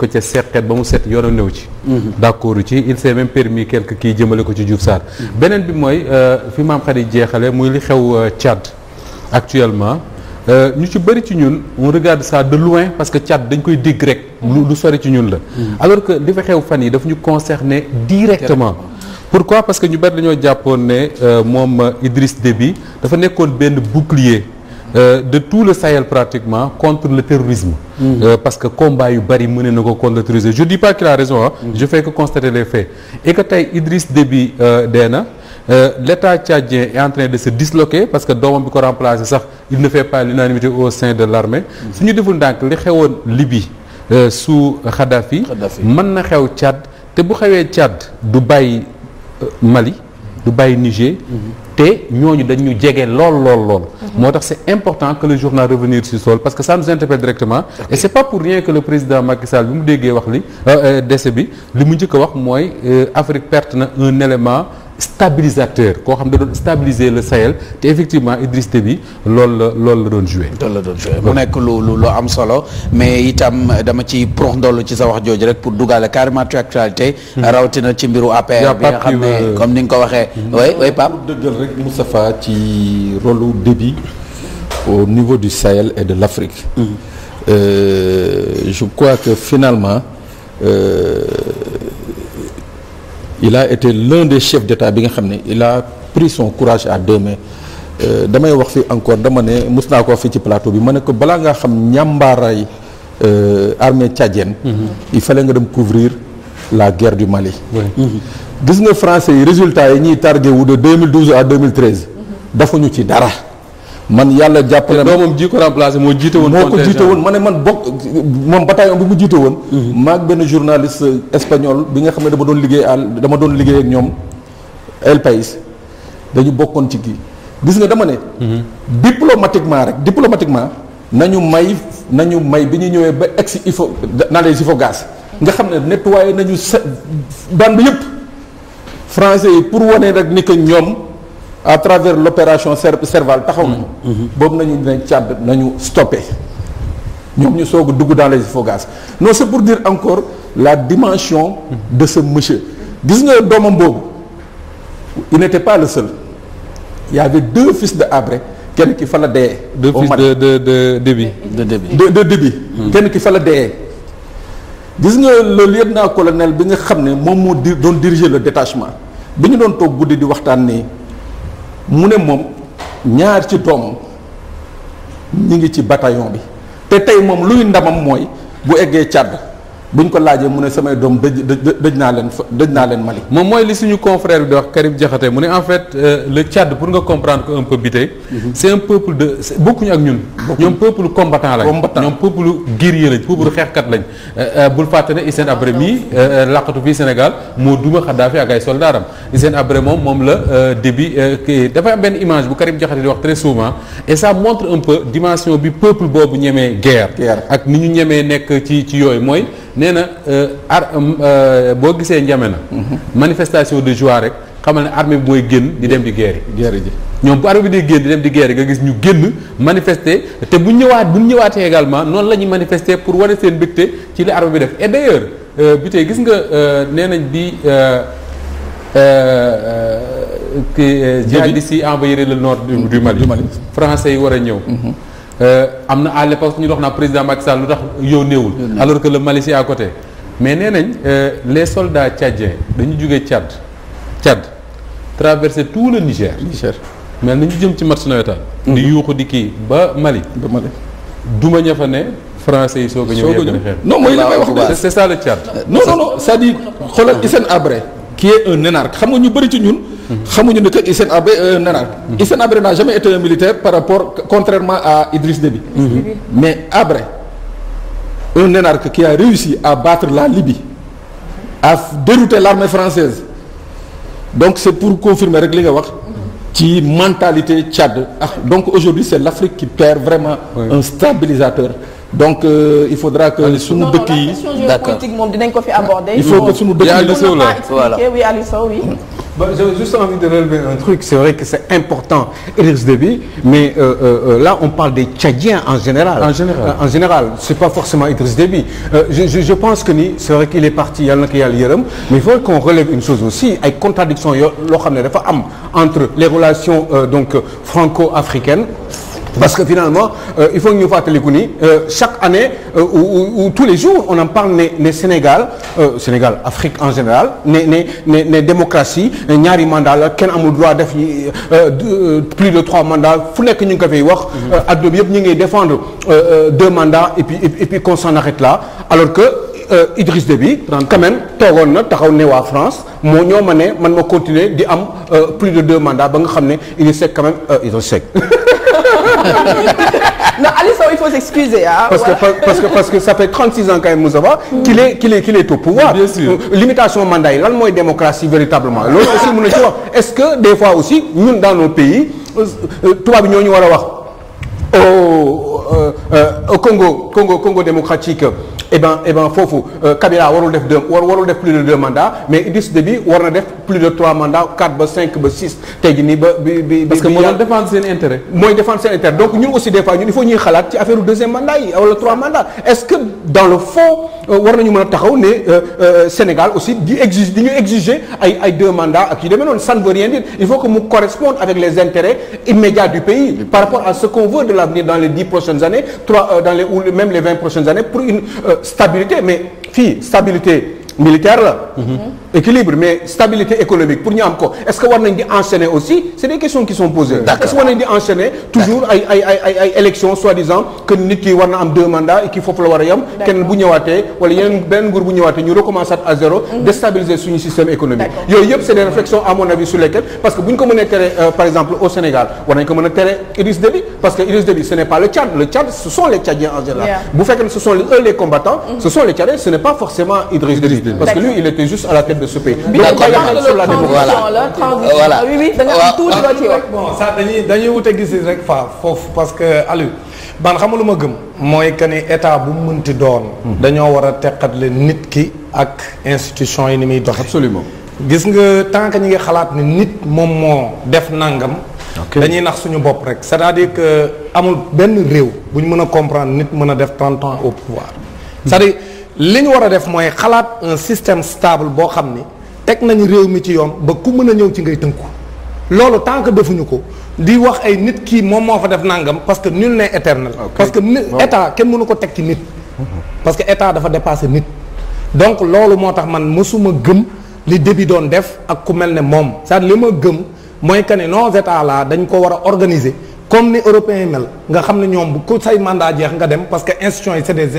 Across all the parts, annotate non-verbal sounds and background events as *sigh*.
ko ca seqet ba mu set yoonu néew ci mhm. d'accord ci il s'est même permis quelque kii jëmale ko ci Diouf Sarr mhm. beneen bi mooy euh, fi maam xarit jeexale muy li xew euh, Tchad actuellement euh, ñu ci bëri ci ñun mu regarde ça de loin parce que Tchad dañ koy dégg rek lu sori ci ñun la mhm. alors que li fa xew fan yi daf ñu concerner directement pourquoi parce que ñu bëri dañoo jàppoon ne moom de bi dafa nekkoon benn bouclier Euh, de tout le Sahel pratiquement contre le terrorisme mm. euh, parce que combat yu bari mëne na ko contre le terrorisme je dis pas qu'il a raison ah je fais que constater les faits et que tey Idriss Déby euh, dee na Euh, l'État tchadien est de se disloquer parce que doomam bi ko remplacé sax il ne fait pas l'unanimité au sein de l'armée mm. su ñu deful ndànk li xewoon Libye euh, sous Kadhafi mën na xew Tchad te bu xewee Tchad du bàyyi Mali du bàyyi Niger mm-hmm. te ñooñu dañ ñu jege lool lool lool. Mhm. moo tax c'est important que le journal revenir si sol parce que ça nous interpelle directement. Okay. et c'est pas pour rien que le président Macky bi mu déggee wax li euh, euh, décès bi li mu njëkk a wax mooy euh, Afrique perte na un élément. stabilisateur koo xam ne doon stabiliser le Sahel te effectivement Idriss Déby loolu la lool la doon joué. loolu la doon joué mu nekk lu lu lu am solo mais itam dama ci prox ndollu ci sa wax jooju rek pour dugaale carrément ci actualité. Hmm. rawatina ci mbiru APR bi nga xam ne comme ni nga ko waxee. Hmm. oui oui Pape dëggal rek Moustapha ci rôle lu Déby au niveau du Sahel et de l'Afrique. Hmm. Euh, je crois que finalement. Euh, il a été l'un des chefs d'État bi nga xam ne il a pris son courage à deux euh, damay wax fi encore dama ne mës naa ko wax fii ci plateau bi ma ne ko bala ngaa xam ñàmbaaraay euh, armée tchadienne mhm. il fallait nga dem couvrir la guerre du Mali mhm. gis nga français yi résultat yi ñuy targué wu de 2012 à 2013 mhm. dafa ñu ci dara man yàlla jàppale na doomam ji ko remplacé moo jiite woon. moo ko jiite woon ma ne man bokk moom bataillon bi mu jiite woon. Mhm. maag benn journaliste espagnol bi nga xam ne dama doon liggéey àll dama doon liggéey ak ñoom El País dañu bokkoon ci kii gis nga dama ne. Mhm. diplomatiquement rek diplomatiquement nañu may nañu may bi ñu ñëwee ba egg si il faut naa leen nga xam ne nettoyé nañu sa ban bi yëpp français yi pour wane rek ni que ñoom. à travers l'opération Serval taxaw nañu. Mm-hmm. Mm-hmm. nañu ne Tchad nañu stoppé ñoom ñu soog a dugg dans les fogages non c'est pour dire encore la dimension de ce monsieur gis nga doomam boobu il n'était pas le seul il y avait de Habré kenn ki fa la deyee. de de de Déby. de Déby de de Déby. kenn ki fa la deyee gis nga le lieutenant colonel bi nga xam ne moom moo di doon diriger le détachement bi ñu doon toog guddi di waxtaan nii. mu ne moom ñaar ci doomam ñu ngi ci batayon bi te tey moom luy ndamam mooy bu eggee càdd buñ ko laajee mu ne samay doom dëj dëj naa leen dëj naa leen Mali. moom mooy li suñu confrère bi di wax Karim Diakhaté mu ne en fait euh, le Tchad pour nga comprendre ko un peu bité. Mhm. c' est un peuple de bokkuñu ak ñun. ñoom peuple combattant lañ. combattant ñoom peuple guerrier lañ. peuple xeexkat lañ. Euh, euh, bul fàtte ne Hissène Habré mii laqatu fii Sénégal moo duma Xaddaafi ak ay soldaaram Hissène Habré moom moom la début kii dafay benn image bu Karim Diakhaté di wax très souvent et ça montre dimension bi peuple boobu ñemee guerre. ak ni ñu ñemee nekk ci ci yooyu mooy. nee na euh, ar euh, euh, boo gisee N'Djamena mhm. manifestation de joie rek xamal ne armée bi mooy génn di dem di guerre yi guerre ji ñoom bu armée bi di génn di dem di guerre yi nga gis ñu génn manifester te bu ñëwaat bu ñëwaatee également noonu la ñuy manifester pour wane seen mbégte ci li armée bi def et d'ailleurs bi tey gis nga nee nañ bi kii jihadistes yi envahir le nord du Mali français yi war a ñëw mhm. Euh, am na à l'époque ñu dox naa président Macky Sall lu tax yow néewul alors que le Mali c'est à côté mais nee nañ euh, les soldats tchadiens dañu jóge Tchad Tchad traversé tout le Niger Niger mais nañu jëm ci match nawetaan mhm. di yuuxu di kii ba Mali ba Mali duma ña fa ne français yi soo ko ñëw non mooy li may wax c'est ça le Tchad non non non c'est-à-dire xoolal Hissène Habré qui est un énarque xam nga ñu bëri ci ñun xamuñu ne que Hissène Habré euh, nana mhm. Hissène Habré n'a jamais été un militaire par rapport contrairement à Idriss bi mhm. mais Habré un énarque ki a réussi à battre la Libye à dérouter l'armée française donc c'est pour confirmer rek li nga wax ci mentalité Tchad ah donc aujourd'hui c'est l'Afrique qui perd vraiment oui. un stabilisateur donc euh, il faudra que suñu dëkk yi d'accord moom dinañ ko fi aborder il faut que suñu dëkk yi voilà oui Aliou Bah, j'ai juste envie de relever un truc c'est vrai que c'est important Idriss Déby mais euh, euh, euh là on parle des Tchadiens en général. en général euh, en général c'est pas forcément Idriss Déby euh, je, je je pense que ni c'est vrai qu'il est parti yàlla na ko yàlla yërëm mais il faut qu'on relève une chose aussi ay contradiction yo loo xam ne dafa am entre les relations euh, donc franco-africaines. parce que finalement euh, il faut ñu fàttaliku ni euh, chaque année euh, ou, ou, tous les jours on en parle ne ne Sénégal euh, Sénégal Afrique en général ne ne ne ne démocratie ñaari mandat la kenn amul droit def euh, plus de trois mandats fu nekk ñu ngi ko fay wax. Mhm. adduna bi yëpp ñu ngi défendre deux mandats et puis et puis arrête là alors que. Euh, bi Déby quand même toogoon na taxaw ne waa France moo ñoo ma ne man ma continuer di am plus de deux mandats ba nga xam ne Idriss Seck quand *laughs* *laughs* non Aliou Sow il faut s'excuser ah. parce voilà. que parce que parce que ça fait kay Moussa Ba. qu'il est qu'il est qu'il est au pouvoir. bien sûr mm. limitation mandat yi lan mooy démocratie véritablement. Ah. loolu aussi mën na ci wax est-ce que des fois aussi ñun dans nos pays euh, euh, tubaab yi ñoo ñu war a wax. Oh, Euh, euh, au Congo Congo Congo démocratique eh ben eh ben foofu euh, Kabila warul def deux warul def plus de deux mandats mais Idriss bi war na def plus de trois mandats quatre ba cinq ba six tey nii ba bi bi. parce que moo doon défendre seen intérêt. mooy défendre seen intérêt donc ñun aussi des fois ñun il faut ñuy xalaat ci affaire deuxième mandat yi wala trois mandats est-ce que dans le fond. Euh, war nañu mën a taxaw ne euh, euh, Sénégal aussi di exige di ñu exiger ay ay deux mandats ak yu demee noonu ça ne veut rien dire il faut que mu corresponde avec les intérêts immédiats du pays par rapport à ce qu'on veut de l'avenir dans les dix prochaines années trois dans les ou même les vingt prochaines années pour une stabilité mais fii stabilité militaire la. Mhm. équilibre mais stabilité économique pour ñu am ko est-ce que war nañ di enchaîner aussi c'est des questions qui sont posées. est-ce que war nañ di enchaîner toujours ay ay soi-disant que nit ki war am deux mandats et kii foofu la war a yem. kenn bu ñëwaatee wala yeneen benn nguur bu ñëwaatee ñu recommencer à zéro. Mhm. déstabiliser suñu système économique. yooyu yëpp c'est des réflexions à mon avis sur lesquelles parce que bu euh, a tere Idriss Déby parce que Idriss Déby ce n'est pas le Tchad en général. parce que lui il était la tête de ce pays. bi d'accord voilà voilà. Ah oui da nga gis rek foofu parce que Aliou man xamu lu ma gëm. mooy que ni état bu mu ti doon. Hmm. dañoo war a teqatle nit ki ak institution yi ni muy dox. absolument gis nga tant que ñu ngi xalaat ni nit moom moo def nangam. dañuy nax suñu bopp rek c'est-à-dire que amul benn réew bu ñu mën a comprendre nit mën a def 30 ans au pouvoir hmm. cest dire li ñu war a def mooy xalaat un système stable boo xam ni teg nañu réew mi ci yoon ba ku mën a ñëw ci ngay tënku loolu tant que defuñu ko di wax ay nit kii moom moo fa def nangam parce que nul n'est éternel. parce que état kenn mënu ko teg ci nit. parce que état dafa dépassé nit. donc loolu moo tax man mësuma gëm li début doon def ak ku mel ni moom cest à li ma gëm mooy que ne nos états dañ ko war a organiser comme ni européens mel nga xam ne ñoom bu ko say mandat jeex nga dem parce que institutions yi c'est des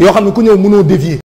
yoo xam ne ku ñëw mënoo dévier